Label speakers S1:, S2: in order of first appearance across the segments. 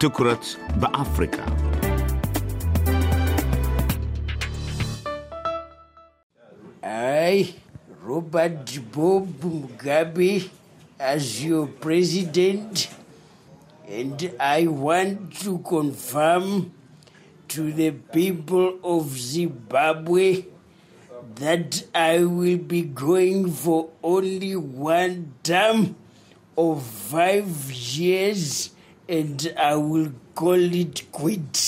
S1: ትኩረት በአፍሪካ
S2: አይ ሮበርት ቦብ Mugabe, as your president, and I want to confirm to the people of Zimbabwe that I will be going for only one term. or five years and I will call it quits.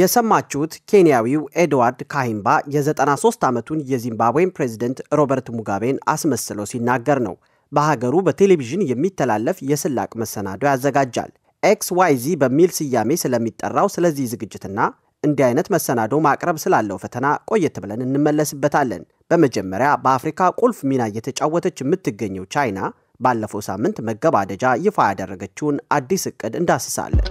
S3: የሰማችሁት ኬንያዊው ኤድዋርድ ካሂምባ የ93 ዓመቱን የዚምባብዌን ፕሬዚደንት ሮበርት ሙጋቤን አስመስለው ሲናገር ነው። በሀገሩ በቴሌቪዥን የሚተላለፍ የስላቅ መሰናዶ ያዘጋጃል። ኤክስ ዋይ ዚ በሚል ስያሜ ስለሚጠራው ስለዚህ ዝግጅትና እንዲህ አይነት መሰናዶ ማቅረብ ስላለው ፈተና ቆየት ብለን እንመለስበታለን። በመጀመሪያ በአፍሪካ ቁልፍ ሚና እየተጫወተች የምትገኘው ቻይና ባለፈው ሳምንት መገባደጃ ይፋ ያደረገችውን አዲስ እቅድ እንዳስሳለን።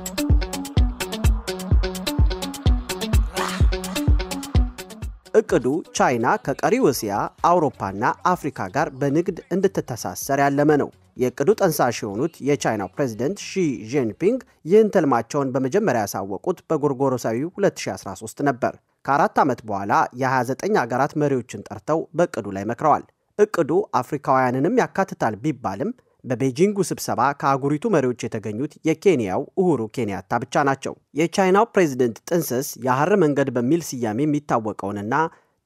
S3: እቅዱ ቻይና ከቀሪው እስያ፣ አውሮፓና አፍሪካ ጋር በንግድ እንድትተሳሰር ያለመ ነው። የእቅዱ ጠንሳሽ የሆኑት የቻይናው ፕሬዚደንት ሺ ጂንፒንግ ይህን ትልማቸውን በመጀመሪያ ያሳወቁት በጎርጎሮሳዊ 2013 ነበር። ከአራት ዓመት በኋላ የ29 አገራት መሪዎችን ጠርተው በእቅዱ ላይ መክረዋል። እቅዱ አፍሪካውያንንም ያካትታል ቢባልም በቤጂንጉ ስብሰባ ከአህጉሪቱ መሪዎች የተገኙት የኬንያው እሁሩ ኬንያታ ብቻ ናቸው። የቻይናው ፕሬዚደንት ጥንስስ የሐር መንገድ በሚል ስያሜ የሚታወቀውንና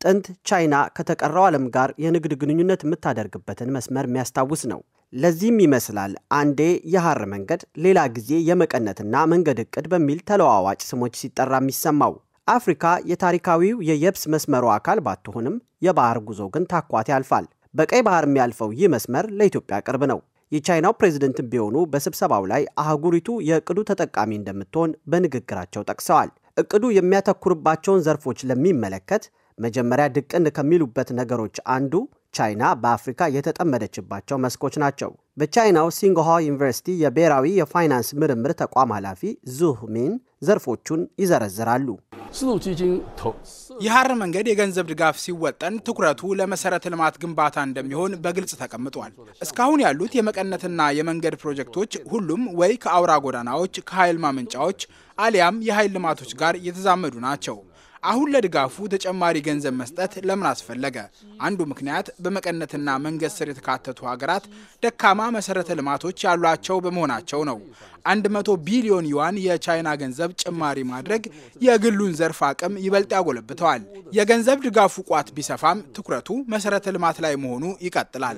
S3: ጥንት ቻይና ከተቀረው ዓለም ጋር የንግድ ግንኙነት የምታደርግበትን መስመር የሚያስታውስ ነው። ለዚህም ይመስላል አንዴ የሐር መንገድ፣ ሌላ ጊዜ የመቀነትና መንገድ እቅድ በሚል ተለዋዋጭ ስሞች ሲጠራ የሚሰማው። አፍሪካ የታሪካዊው የየብስ መስመሩ አካል ባትሆንም የባህር ጉዞ ግን ታኳት ያልፋል። በቀይ ባህር የሚያልፈው ይህ መስመር ለኢትዮጵያ ቅርብ ነው። የቻይናው ፕሬዝደንት ቢሆኑ በስብሰባው ላይ አህጉሪቱ የእቅዱ ተጠቃሚ እንደምትሆን በንግግራቸው ጠቅሰዋል። እቅዱ የሚያተኩርባቸውን ዘርፎች ለሚመለከት መጀመሪያ ድቅን ከሚሉበት ነገሮች አንዱ ቻይና በአፍሪካ የተጠመደችባቸው መስኮች ናቸው። በቻይናው ሲንግሃ ዩኒቨርሲቲ የብሔራዊ የፋይናንስ ምርምር ተቋም ኃላፊ ዙህ ሚን ዘርፎቹን ይዘረዝራሉ።
S2: የሐር መንገድ የገንዘብ ድጋፍ ሲወጠን ትኩረቱ ለመሰረተ ልማት ግንባታ እንደሚሆን በግልጽ ተቀምጧል። እስካሁን ያሉት የመቀነትና የመንገድ ፕሮጀክቶች ሁሉም ወይ ከአውራ ጎዳናዎች፣ ከኃይል ማመንጫዎች አሊያም የኃይል ልማቶች ጋር የተዛመዱ ናቸው። አሁን ለድጋፉ ተጨማሪ ገንዘብ መስጠት ለምን አስፈለገ? አንዱ ምክንያት በመቀነትና መንገድ ስር የተካተቱ ሀገራት ደካማ መሰረተ ልማቶች ያሏቸው በመሆናቸው ነው። 100 ቢሊዮን ዩዋን የቻይና ገንዘብ ጭማሪ ማድረግ የግሉን ዘርፍ አቅም ይበልጥ ያጎለብተዋል። የገንዘብ ድጋፉ ቋት ቢሰፋም ትኩረቱ መሰረተ ልማት ላይ መሆኑ ይቀጥላል።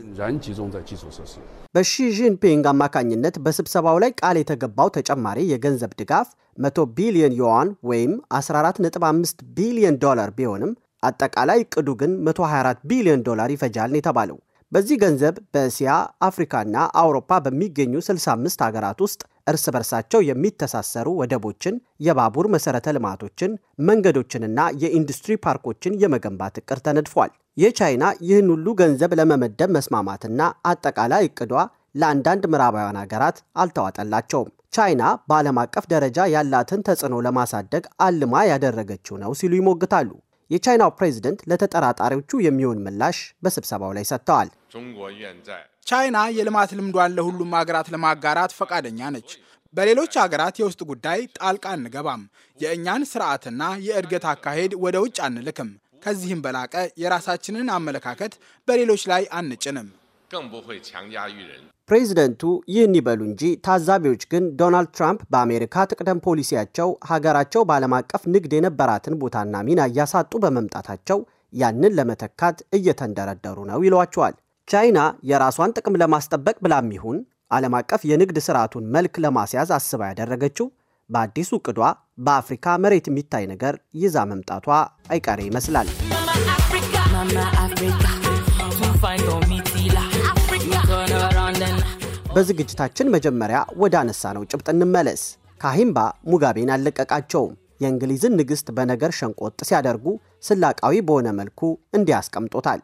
S3: በሺ ጂንፒንግ አማካኝነት በስብሰባው ላይ ቃል የተገባው ተጨማሪ የገንዘብ ድጋፍ 100 ቢሊዮን ዩዋን ወይም 14.5 ቢሊዮን ዶላር ቢሆንም አጠቃላይ እቅዱ ግን 124 ቢሊዮን ዶላር ይፈጃል ነው የተባለው። በዚህ ገንዘብ በእስያ አፍሪካና አውሮፓ በሚገኙ 65 ሀገራት ውስጥ እርስ በርሳቸው የሚተሳሰሩ ወደቦችን፣ የባቡር መሠረተ ልማቶችን፣ መንገዶችንና የኢንዱስትሪ ፓርኮችን የመገንባት እቅድ ተነድፏል። የቻይና ይህን ሁሉ ገንዘብ ለመመደብ መስማማትና አጠቃላይ እቅዷ ለአንዳንድ ምዕራባውያን ሀገራት አልተዋጠላቸውም። ቻይና በዓለም አቀፍ ደረጃ ያላትን ተጽዕኖ ለማሳደግ አልማ ያደረገችው ነው ሲሉ ይሞግታሉ። የቻይናው ፕሬዝደንት ለተጠራጣሪዎቹ የሚሆን ምላሽ በስብሰባው ላይ ሰጥተዋል።
S2: ቻይና የልማት ልምዷን ለሁሉም ሀገራት ለማጋራት ፈቃደኛ ነች። በሌሎች ሀገራት የውስጥ ጉዳይ ጣልቃ አንገባም። የእኛን ስርዓትና የእድገት አካሄድ ወደ ውጭ አንልክም። ከዚህም በላቀ የራሳችንን አመለካከት በሌሎች ላይ አንጭንም።
S3: ፕሬዚደንቱ ይህን ይበሉ እንጂ ታዛቢዎች ግን ዶናልድ ትራምፕ በአሜሪካ ትቅደም ፖሊሲያቸው ሀገራቸው በዓለም አቀፍ ንግድ የነበራትን ቦታና ሚና እያሳጡ በመምጣታቸው ያንን ለመተካት እየተንደረደሩ ነው ይሏቸዋል። ቻይና የራሷን ጥቅም ለማስጠበቅ ብላም ይሁን ዓለም አቀፍ የንግድ ስርዓቱን መልክ ለማስያዝ አስባ ያደረገችው በአዲሱ ቅዷ በአፍሪካ መሬት የሚታይ ነገር ይዛ መምጣቷ አይቀሬ ይመስላል። በዝግጅታችን መጀመሪያ ወደ ነው ጭብጥ እንመለስ። ካሂምባ ሙጋቤን አለቀቃቸውም የእንግሊዝን ንግሥት በነገር ሸንቆጥ ሲያደርጉ ስላቃዊ በሆነ መልኩ እንዲህ ያስቀምጦታል።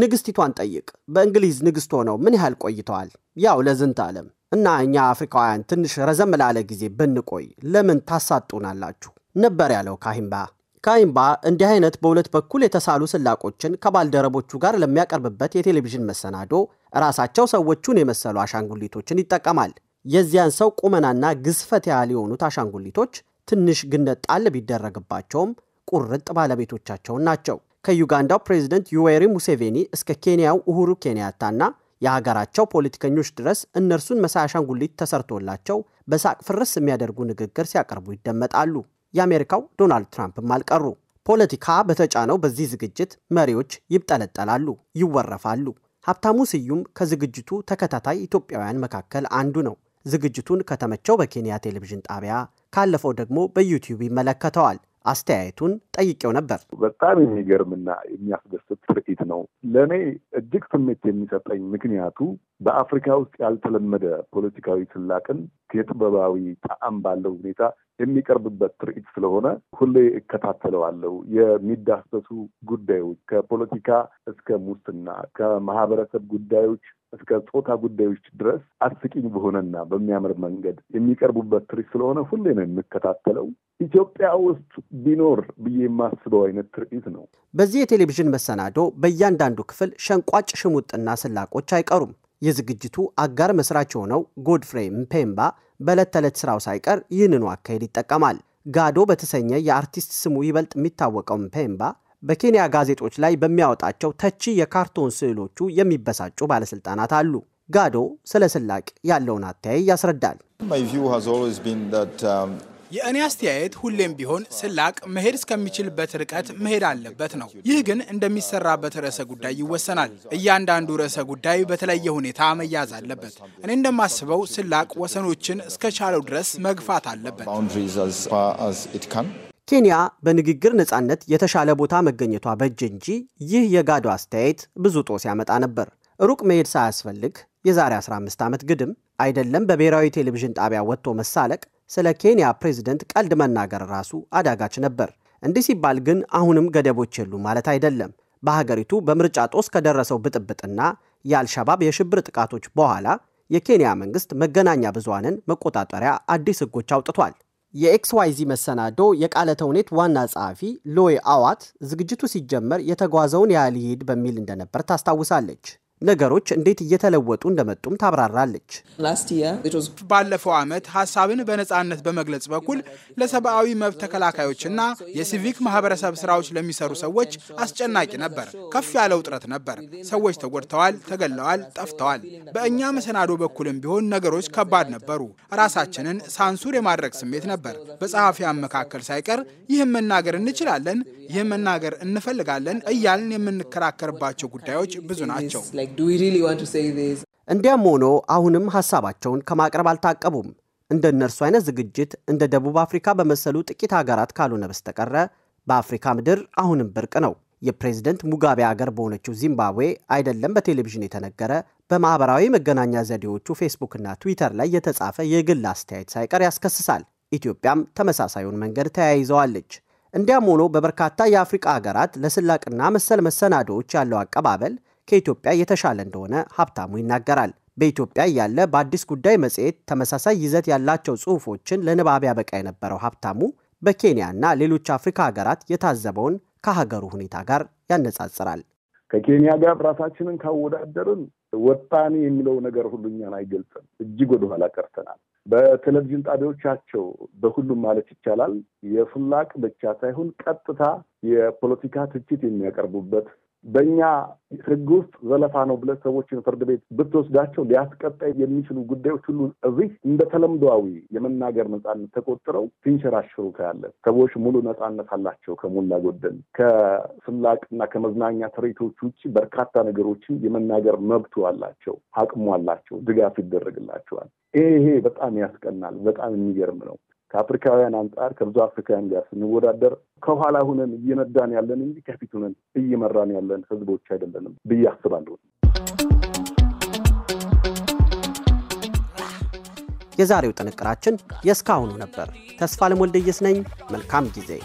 S3: ንግስቲቷን ጠይቅ። በእንግሊዝ ንግስት ሆነው ምን ያህል ቆይተዋል? ያው ለዝንተ ዓለም እና እኛ አፍሪካውያን ትንሽ ረዘም ላለ ጊዜ ብንቆይ ለምን ታሳጡናላችሁ? ነበር ያለው ካሂምባ። ካሂምባ እንዲህ አይነት በሁለት በኩል የተሳሉ ስላቆችን ከባልደረቦቹ ጋር ለሚያቀርብበት የቴሌቪዥን መሰናዶ ራሳቸው ሰዎቹን የመሰሉ አሻንጉሊቶችን ይጠቀማል። የዚያን ሰው ቁመናና ግዝፈት ያህል የሆኑት አሻንጉሊቶች ትንሽ ግነት ጣል ቢደረግባቸውም ቁርጥ ባለቤቶቻቸውን ናቸው። ከዩጋንዳው ፕሬዝደንት ዩዌሪ ሙሴቬኒ እስከ ኬንያው ኡሁሩ ኬንያታና የሀገራቸው ፖለቲከኞች ድረስ እነርሱን መሳይ አሻንጉሊት ተሰርቶላቸው በሳቅ ፍርስ የሚያደርጉ ንግግር ሲያቀርቡ ይደመጣሉ። የአሜሪካው ዶናልድ ትራምፕም አልቀሩ። ፖለቲካ በተጫነው በዚህ ዝግጅት መሪዎች ይብጠለጠላሉ፣ ይወረፋሉ። ሀብታሙ ስዩም ከዝግጅቱ ተከታታይ ኢትዮጵያውያን መካከል አንዱ ነው። ዝግጅቱን ከተመቸው በኬንያ ቴሌቪዥን ጣቢያ ካለፈው ደግሞ በዩቲዩብ ይመለከተዋል። አስተያየቱን
S1: ጠይቄው ነበር። በጣም የሚገርምና የሚያስደስት ትርኢት ነው። ለእኔ እጅግ ስሜት የሚሰጠኝ ምክንያቱ በአፍሪካ ውስጥ ያልተለመደ ፖለቲካዊ ስላቅን የጥበባዊ ጣዕም ባለው ሁኔታ የሚቀርብበት ትርኢት ስለሆነ ሁሌ እከታተለዋለሁ። የሚዳሰሱ ጉዳዮች ከፖለቲካ እስከ ሙስና፣ ከማህበረሰብ ጉዳዮች እስከ ጾታ ጉዳዮች ድረስ አስቂኝ በሆነና በሚያምር መንገድ የሚቀርቡበት ትርኢት ስለሆነ ሁሌ ነው የምከታተለው። ኢትዮጵያ
S3: ውስጥ ቢኖር ብዬ የማስበው አይነት ትርኢት ነው። በዚህ የቴሌቪዥን መሰናዶ በእያንዳንዱ ክፍል ሸንቋጭ ሽሙጥና ስላቆች አይቀሩም። የዝግጅቱ አጋር መስራች የሆነው ጎድፍሬ ምፔምባ በዕለት ተዕለት ሥራው ሳይቀር ይህንኑ አካሄድ ይጠቀማል። ጋዶ በተሰኘ የአርቲስት ስሙ ይበልጥ የሚታወቀውን ፔምባ በኬንያ ጋዜጦች ላይ በሚያወጣቸው ተቺ የካርቶን ስዕሎቹ የሚበሳጩ ባለስልጣናት አሉ። ጋዶ ስለ ስላቅ ያለውን አተያይ ያስረዳል።
S2: የእኔ አስተያየት ሁሌም ቢሆን ስላቅ መሄድ እስከሚችልበት ርቀት መሄድ አለበት ነው። ይህ ግን እንደሚሰራበት ርዕሰ ጉዳይ ይወሰናል። እያንዳንዱ ርዕሰ ጉዳይ በተለየ ሁኔታ መያዝ አለበት። እኔ እንደማስበው
S3: ስላቅ ወሰኖችን
S2: እስከቻለው ድረስ መግፋት አለበት።
S3: ኬንያ በንግግር ነፃነት የተሻለ ቦታ መገኘቷ በእጅ እንጂ ይህ የጋዶ አስተያየት ብዙ ጦስ ያመጣ ነበር። ሩቅ መሄድ ሳያስፈልግ የዛሬ 15 ዓመት ግድም አይደለም በብሔራዊ ቴሌቪዥን ጣቢያ ወጥቶ መሳለቅ ስለ ኬንያ ፕሬዝደንት ቀልድ መናገር ራሱ አዳጋች ነበር። እንዲህ ሲባል ግን አሁንም ገደቦች የሉ ማለት አይደለም። በሀገሪቱ በምርጫ ጦስ ከደረሰው ብጥብጥና የአልሸባብ የሽብር ጥቃቶች በኋላ የኬንያ መንግስት መገናኛ ብዙሃንን መቆጣጠሪያ አዲስ ህጎች አውጥቷል። የኤክስዋይዚ መሰናዶ የቃለ ተውኔት ዋና ጸሐፊ ሎይ አዋት ዝግጅቱ ሲጀመር የተጓዘውን ያህል በሚል እንደነበር ታስታውሳለች። ነገሮች እንዴት እየተለወጡ እንደመጡም ታብራራለች።
S2: ባለፈው ዓመት ሀሳብን በነፃነት በመግለጽ በኩል ለሰብአዊ መብት ተከላካዮችና የሲቪክ ማህበረሰብ ስራዎች ለሚሰሩ ሰዎች አስጨናቂ ነበር። ከፍ ያለ ውጥረት ነበር። ሰዎች ተጎድተዋል፣ ተገለዋል፣ ጠፍተዋል። በእኛ መሰናዶ በኩልም ቢሆን ነገሮች ከባድ ነበሩ። ራሳችንን ሳንሱር የማድረግ ስሜት ነበር። በጸሐፊያን መካከል ሳይቀር ይህም መናገር እንችላለን፣ ይህም መናገር እንፈልጋለን እያልን የምንከራከርባቸው ጉዳዮች ብዙ ናቸው።
S3: እንዲያም ሆኖ አሁንም ሀሳባቸውን ከማቅረብ አልታቀቡም። እንደ እነርሱ አይነት ዝግጅት እንደ ደቡብ አፍሪካ በመሰሉ ጥቂት ሀገራት ካልሆነ በስተቀረ በአፍሪካ ምድር አሁንም ብርቅ ነው። የፕሬዝደንት ሙጋቤ አገር በሆነችው ዚምባብዌ አይደለም በቴሌቪዥን የተነገረ በማኅበራዊ መገናኛ ዘዴዎቹ ፌስቡክና ትዊተር ላይ የተጻፈ የግል አስተያየት ሳይቀር ያስከስሳል። ኢትዮጵያም ተመሳሳዩን መንገድ ተያይዘዋለች። እንዲያም ሆኖ በበርካታ የአፍሪቃ ሀገራት ለስላቅና መሰል መሰናዶዎች ያለው አቀባበል ከኢትዮጵያ የተሻለ እንደሆነ ሀብታሙ ይናገራል። በኢትዮጵያ ያለ በአዲስ ጉዳይ መጽሔት ተመሳሳይ ይዘት ያላቸው ጽሑፎችን ለንባብ ያበቃ የነበረው ሀብታሙ በኬንያና ሌሎች አፍሪካ ሀገራት የታዘበውን ከሀገሩ ሁኔታ ጋር ያነጻጽራል።
S1: ከኬንያ ጋር ራሳችንን ካወዳደርን ወጣኔ የሚለው ነገር ሁሉ እኛን አይገልጽም። እጅግ ወደኋላ ቀርተናል። በቴሌቪዥን ጣቢያዎቻቸው በሁሉም ማለት ይቻላል የፍላቅ ብቻ ሳይሆን ቀጥታ የፖለቲካ ትችት የሚያቀርቡበት በእኛ ህግ ውስጥ ዘለፋ ነው ብለህ ሰዎችን ፍርድ ቤት ብትወስዳቸው ሊያስቀጣይ የሚችሉ ጉዳዮች ሁሉ እዚህ እንደ ተለምዷዊ የመናገር ነፃነት ተቆጥረው ሲንሸራሽሩ ታያለ። ሰዎች ሙሉ ነፃነት አላቸው። ከሞላ ጎደል ከስላቅና ከመዝናኛ ትርኢቶች ውጭ በርካታ ነገሮችን የመናገር መብቱ አላቸው፣ አቅሙ አላቸው፣ ድጋፍ ይደረግላቸዋል። ይሄ በጣም ያስቀናል። በጣም የሚገርም ነው። ከአፍሪካውያን አንጻር ከብዙ አፍሪካውያን ጋር ስንወዳደር ከኋላ ሁነን እየነዳን ያለን እንጂ ከፊት ሁነን እየመራን ያለን ህዝቦች
S3: አይደለንም ብዬ አስባለሁ። የዛሬው ጥንቅራችን የእስካሁኑ ነበር። ተስፋ ለሞልደየስ ነኝ። መልካም ጊዜ